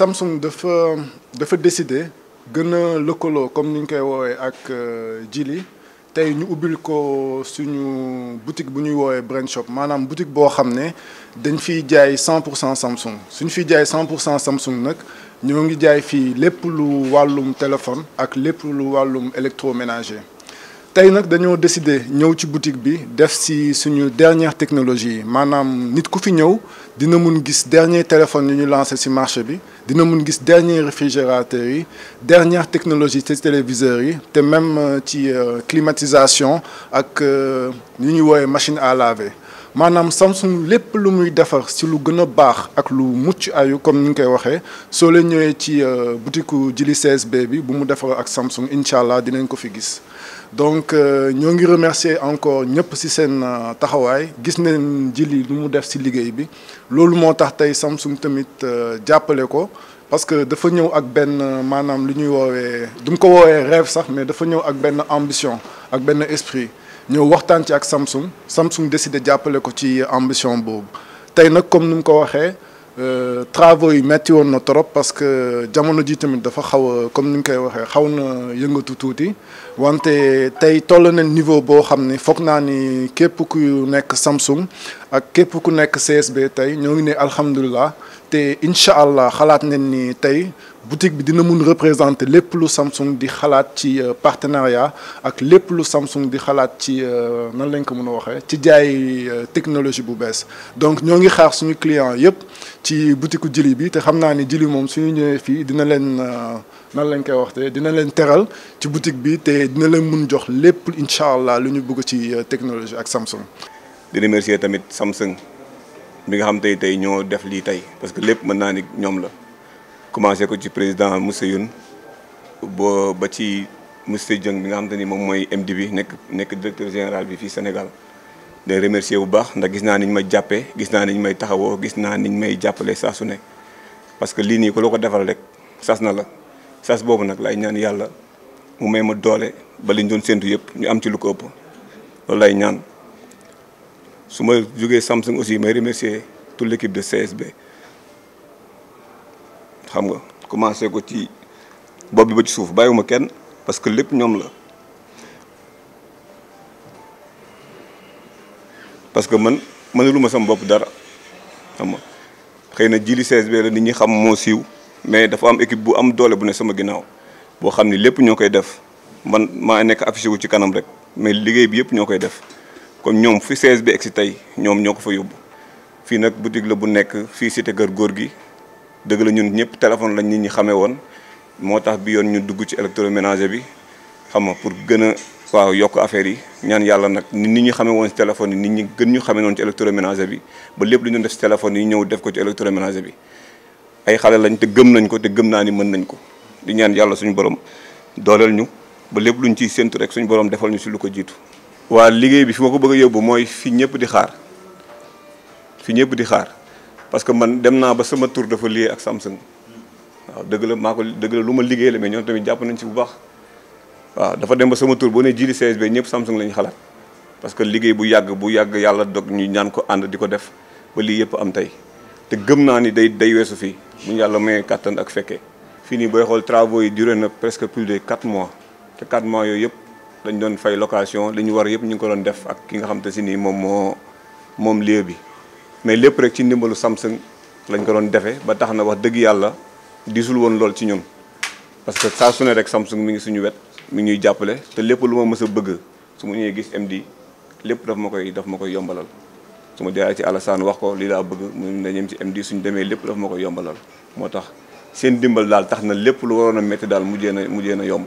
Samsung de fait décider gën le colo comme ni koy woowee ak euh, Jili tey ñu ubbil ko suñu boutique bu ñuy brand Shop manam boutique bo xamné ne dañ fi jaay 100 Samsung suñ fi jaay 100 Samsung nak ñu ngi jaay fi lépp lu walum téléphone ak lépp lu walum électroménager tey nag dañoo décider ñëw ci boutique bi def si suñu dernière technologie maanaam nit ku fi ñëw dina mun gis dernier téléphone yu ñu lancé si marché bi dina mun gis dernier réfrigérateur yi dernière technologie ci téléviseurs yi te même ci euh, climatisation ak yu euh, ñuy woowee machine à laver maanaam Samsung lépp lu muy defar si lu gën a baax ak lu mucc ayu comme ni nga koy waxee soo leen ñëwee ci euh, boutique Jili 16B bi bu mu defar ak Samsung incha allah dinañ ko fi gis. donc euh, ñoo ngi remercier encore ñëpp si seen euh, taxawaay gis nañ Jili lu mu def si liggéey bi loolu moo tax tey Samsung tamit jàppale ko. parce que dafa ñëw ak benn maanaam lu ñuy woowee du mu ko woowee rêve sax mais dafa ñëw ak benn ambition ak benn esprit ñëw waxtaan ci ak Samsung Samsung décidé jàppale ko ci ambition boobu tey nag comme ni mu ko waxee euh, travaux yi metti woon na trop parce que jamono ji tamit dafa xaw a comme ni ñu koy waxee xaw na yëngatu tuuti wante tey toll na niveau boo xam ne foog naa ni képp ku nekk Samsung ak képp ku nekk CSB tey ñoo ngi ne alhamdulilah te incha allah xalaat nañ ni tey boutique bi dina mun représenter lépp lu Samsung di xalaat ci euh, partenariat ak lépp lu Samsung di xalaat ci euh, nan lañ ko mën a waxee ci jaay euh, technologie bu bees donc ñoo ngi xaar suñu client yëpp ci boutique Jili bi te xam naa ni Jili moom suñu ñëwee fii dina leen nan lañ koy waxtee dina leen teral ci boutique bi te dina leen mun jox lépp incha allah lu ñu bëgg ci technologie ak Samsung. di remercier tamit Samsung mi nga xam tey tey ñoo def lii tey parce que lépp mën naa ni ñoom la. commencé ko ci président Moussa Youn ba ba ci Moussa jëng bi nga xam te ni moom mooy MD bi nekk nekk directeur général bi fii Sénégal de remercier bu baax ndax gis naa niñ may jàppee gis naa niñ may taxawoo gis naa niñ may jàppale saa su ne parce que lii nii ko la ko defal rek sas na la sas boobu nag lay ñaan yàlla mu may ma doole ba liñ doon séntu yëpp ñu am ci lu ko ëpp loolu lay ñaan su ma jógee Samsung aussi may remercier toute l'équipe de CSB xam nga commencé ko ci bopp bi ba ci suuf bàyyiwuma kenn parce que lépp ñoom la parce que man mënaluma sama bopp dara xam nga xëy na jili CSB la nit ñi xam moo siiw mais dafa am équipe bu am doole bu ne sama ginnaaw boo xam ni lépp ñoo koy def man maa nekk affiché wu ci kanam rek mais liggéey bi yëpp ñoo koy def kon ñoom fi bi egg si tey ñoom ñoo ko fa yóbbu fii nag boutique la bu nekk fii cité kër góor gi dëgg la ñun ñëpp téléphone lañ nit ñi xamee woon moo tax bi yoon ñu dugg ci électroménager bi xam ma pour gën a waaw yokk affaire yi ñaan yàlla nag nit ñi xamee woon si téléphone yi nit ñi gën ñu xamee noonu ci électroménager bi ba lépp lu ñu def si téléphone yi ñëw def ko ci électroménager bi ay xale lañ te gëm nañ ko te gëm naa ni mën nañ ko di ñaan yàlla suñu borom dooleel ñu ba lépp luñ ciy séntu rek suñu borom defal ñu si lu ko jiitu. waa liggéey bi fi ma ko bëgg a yóbbu mooy fi ñëpp di xaar fi ñëpp di xaar. parce que man dem naa ba sama tour dafa lié ak Samsung waaw deug la mako deug la luma ma liggéey la mais ñoom tamit japp nañ ci bu baax waaw dafa dem ba sama tour bo ne jili CSB ñepp Samsung lañ xalat parce que liggéey bu yàgg bu yàgg yalla dog ñu ñaan ko and diko def ba li yépp am tay te gëm naa ni day day wessu fi bu yalla may katan ak fekkee fini boy xol travaux yi duré na presque plus de 4 mois te 4 mois yoy yépp dañ doon fay location li war yépp ñu ko doon def ak ki nga xam te ci ni mom mo mom lieu bi mais lépp rek ci ndimbalu Samsung lañ ko doon defee ba tax na wax dëgg yàlla diisul woon lool ci ñoom parce que saa su ne rek Samsung mi ngi suñu wet mi ñuy jàppale te lépp lu ma mës a bëgg su ma ñëwee gis MD lépp daf ma koy daf ma koy yombalal su ma jaaree ci Alassane wax ko lii laa bëgg mu ne ñem ci MD suñu demee lépp daf ma koy yombalal moo tax seen dimbal daal tax na lépp lu waroon a métti daal mujjee na mujjee na yomb